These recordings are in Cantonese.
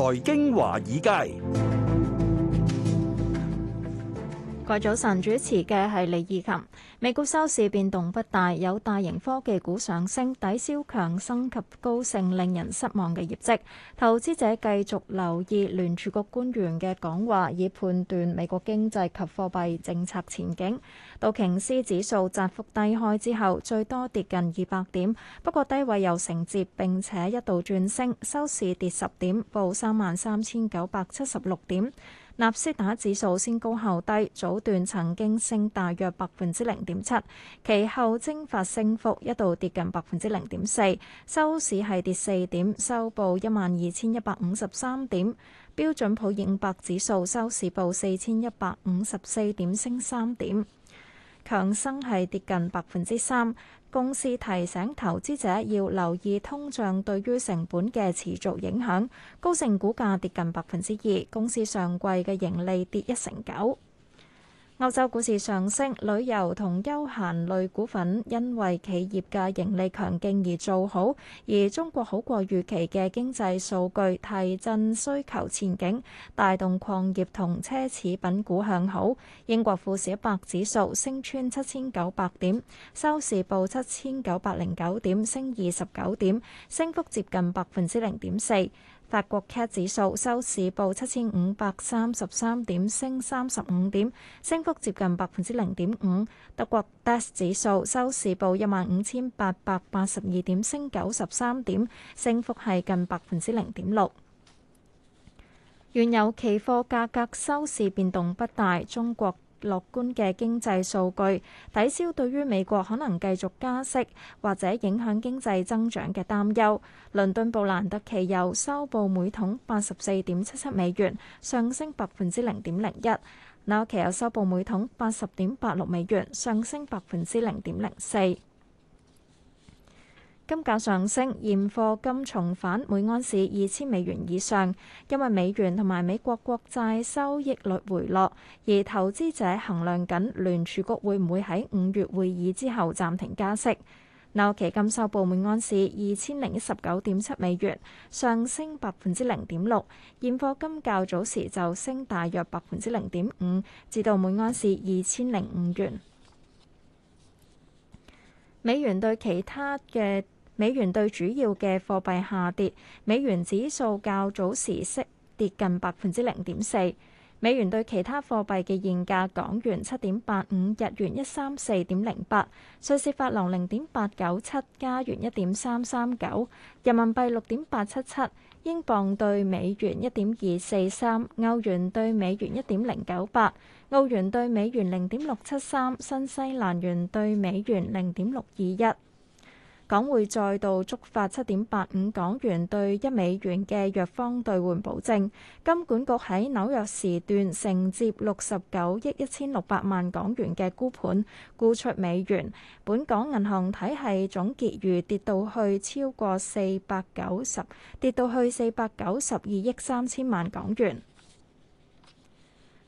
財經華爾街。各位早晨，主持嘅係李怡琴。美股收市變動不大，有大型科技股上升抵消強生及高盛令人失望嘅業績。投資者繼續留意聯儲局官員嘅講話，以判斷美國經濟及貨幣政策前景。道瓊斯指數窄幅低開之後，最多跌近二百點，不過低位又承接並且一度轉升，收市跌十點，報三萬三千九百七十六點。納斯達克指數先高後低，早段曾經升大約百分之零點七，其後蒸發升幅，一度跌近百分之零點四，收市係跌四點，收報一萬二千一百五十三點。標準普爾五百指數收市報四千一百五十四點，升三點。強生係跌近百分之三，公司提醒投資者要留意通脹對於成本嘅持續影響。高盛股價跌近百分之二，公司上季嘅盈利跌一成九。歐洲股市上升，旅遊同休閒類股份因為企業嘅盈利強勁而做好，而中國好過預期嘅經濟數據提振需求前景，帶動礦業同奢侈品股向好。英國富時一百指數升穿七千九百點，收市報七千九百零九點，升二十九點，升幅接近百分之零點四。法國 CAC 指數收市報七千五百三十三點，升三十五點，升幅接近百分之零點五。德國 DAX 指數收市報一萬五千八百八十二點，升九十三點，升幅係近百分之零點六。原油期貨價格收市變動不大，中國樂觀嘅經濟數據抵消對於美國可能繼續加息或者影響經濟增長嘅擔憂。倫敦布蘭特期油收報每桶八十四點七七美元，上升百分之零點零一；紐約期油收報每桶八十點八六美元，上升百分之零點零四。金價上升，現貨金重返每安士二千美元以上，因為美元同埋美國國債收益率回落，而投資者衡量緊聯儲局會唔會喺五月會議之後暫停加息。紐期金收報每安士二千零一十九點七美元，上升百分之零點六。現貨金較早時就升大約百分之零點五，至到每安士二千零五元。美元對其他嘅。美元對主要嘅貨幣下跌，美元指數較早時息跌近百分之零點四。美元對其他貨幣嘅現價：港元七點八五，日元一三四點零八，瑞士法郎零點八九七，加元一點三三九，人民幣六點八七七，英鎊對美元一點二四三，歐元對美元一點零九八，澳元對美元零點六七三，新西蘭元對美元零點六二一。港匯再度觸發七點八五港元對一美元嘅弱方兌換保證，金管局喺紐約時段承接六十九億一千六百萬港元嘅沽盤，沽出美元。本港銀行體系總結餘跌到去超過四百九十，跌到去四百九十二億三千萬港元。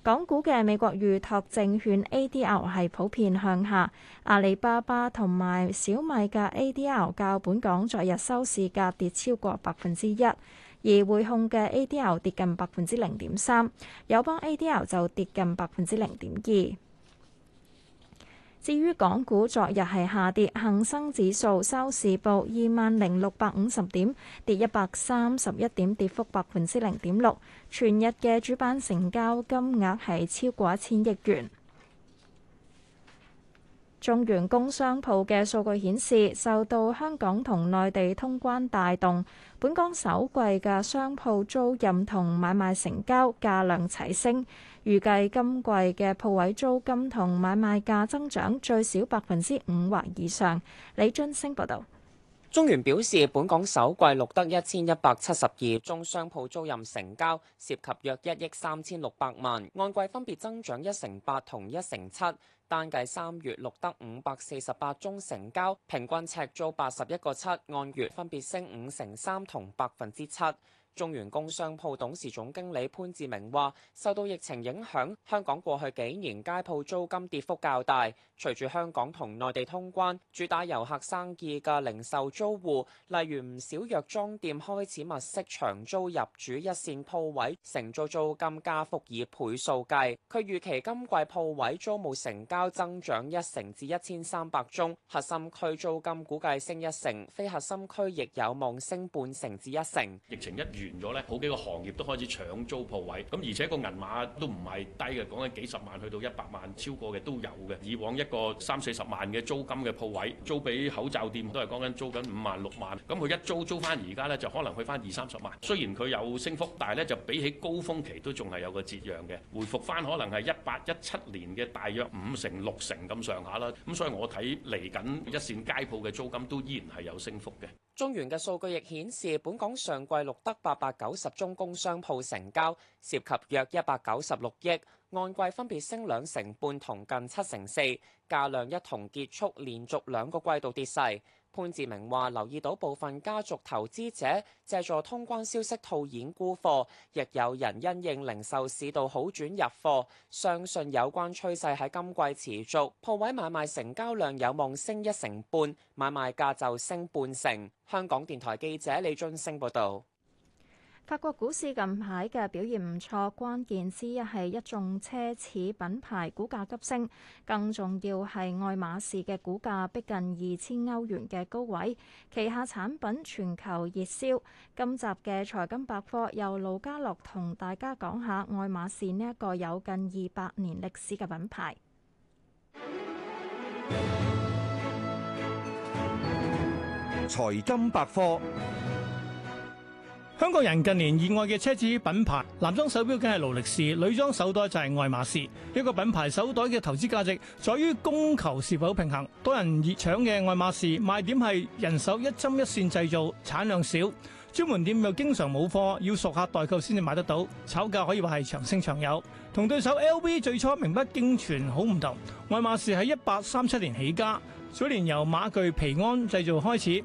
港股嘅美國預託證券 ADL 係普遍向下，阿里巴巴同埋小米嘅 ADL 較本港昨日收市價跌超過百分之一，而匯控嘅 ADL 跌近百分之零點三，友邦 ADL 就跌近百分之零點二。至於港股昨日係下跌，恒生指數收市報二萬零六百五十點，跌一百三十一點，跌幅百分之零點六。全日嘅主板成交金額係超過一千億元。中原工商鋪嘅數據顯示，受到香港同內地通關帶動，本港首季嘅商鋪租賃同買賣成交價量齊升，預計今季嘅鋪位租金同買賣價增長最少百分之五或以上。李津升報道。中原表示，本港首季錄得一千一百七十二宗商鋪租賃成交，涉及約一億三千六百萬，按季分別增長一成八同一成七。單計三月錄得五百四十八宗成交，平均尺租八十一個七，按月分別升五成三同百分之七。中原工商鋪董事總經理潘志明話，受到疫情影響，香港過去幾年街鋪租金跌幅較大。隨住香港同內地通關，主打遊客生意嘅零售租戶，例如唔少藥妝店開始物色長租入主一線鋪位，承租租金加幅以倍數計。佢預期今季鋪位租務成交增長一成至一千三百宗，核心區租金估計升一成，非核心區亦有望升半成至一成。疫情一月。完咗咧，好幾個行業都開始搶租鋪位，咁而且個銀碼都唔係低嘅，講緊幾十萬去到一百萬超過嘅都有嘅。以往一個三四十萬嘅租金嘅鋪位，租俾口罩店都係講緊租緊五萬六萬，咁佢一租租翻而家咧就可能去翻二三十萬。雖然佢有升幅，但係咧就比起高峰期都仲係有個折讓嘅，回復翻可能係一八一七年嘅大約五成六成咁上下啦。咁所以我睇嚟緊一線街鋪嘅租金都依然係有升幅嘅。中原嘅數據亦顯示，本港上季錄得八八百九十宗工商鋪成交，涉及約一百九十六億，按季分別升兩成半同近七成四，價量一同結束連續兩個季度跌勢。潘志明話：留意到部分家族投資者借助通關消息套現沽貨，亦有人因應零售市道好轉入貨，相信有關趨勢喺今季持續。鋪位買賣成交量有望升一成半，買賣價就升半成。香港電台記者李俊升報道。法國股市近排嘅表現唔錯，關鍵之一係一眾奢侈品牌股價急升，更重要係愛馬仕嘅股價逼近二千歐元嘅高位，旗下產品全球熱銷。今集嘅財金百科由盧嘉樂同大家講下愛馬仕呢一個有近二百年歷史嘅品牌。財金百科。香港人近年熱愛嘅奢侈品牌，男裝手表梗係勞力士，女裝手袋就係愛馬仕。一個品牌手袋嘅投資價值，在於供求是否平衡。多人熱搶嘅愛馬仕賣點係人手一針一綫製造，產量少，專門店又經常冇貨，要熟客代購先至買得到。炒價可以話係長升長有。同對手 L.V. 最初名不經傳好唔同，愛馬仕喺一八三七年起家，早年由馬具皮鞍製造開始。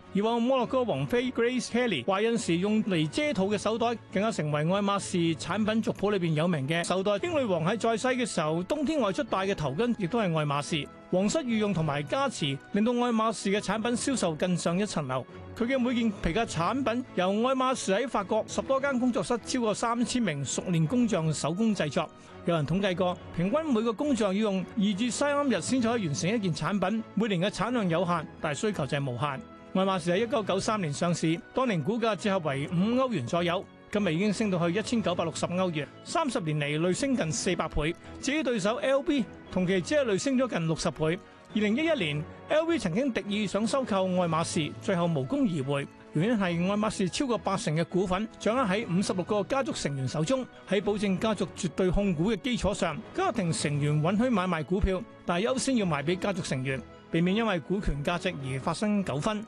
以往摩洛哥王妃 Grace Kelly，懷孕時用嚟遮肚嘅手袋，更加成為愛馬仕產品族譜裏邊有名嘅手袋。英女王喺在世嘅時候，冬天外出戴嘅頭巾亦都係愛馬仕。皇室御用同埋加持，令到愛馬仕嘅產品銷售更上一層樓。佢嘅每件皮革產品由愛馬仕喺法國十多間工作室，超過三千名熟練工匠手工製作。有人統計過，平均每個工匠要用二至三日先至可以完成一件產品。每年嘅產量有限，但係需求就係無限。愛馬仕喺一九九三年上市，當年股價折合為五歐元左右，今日已經升到去一千九百六十歐元，三十年嚟累升近四百倍。至於對手 LV，同期只係累升咗近六十倍。二零一一年 LV 曾經敵意想收購愛馬仕，最後無功而回。原因係愛馬仕超過八成嘅股份掌握喺五十六個家族成員手中，喺保證家族絕對控股嘅基礎上，家庭成員允許買賣股票，但係優先要賣俾家族成員，避免因為股權價值而發生糾紛。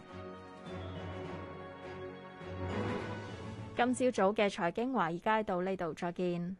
今朝早嘅財經華爾街到呢度再見。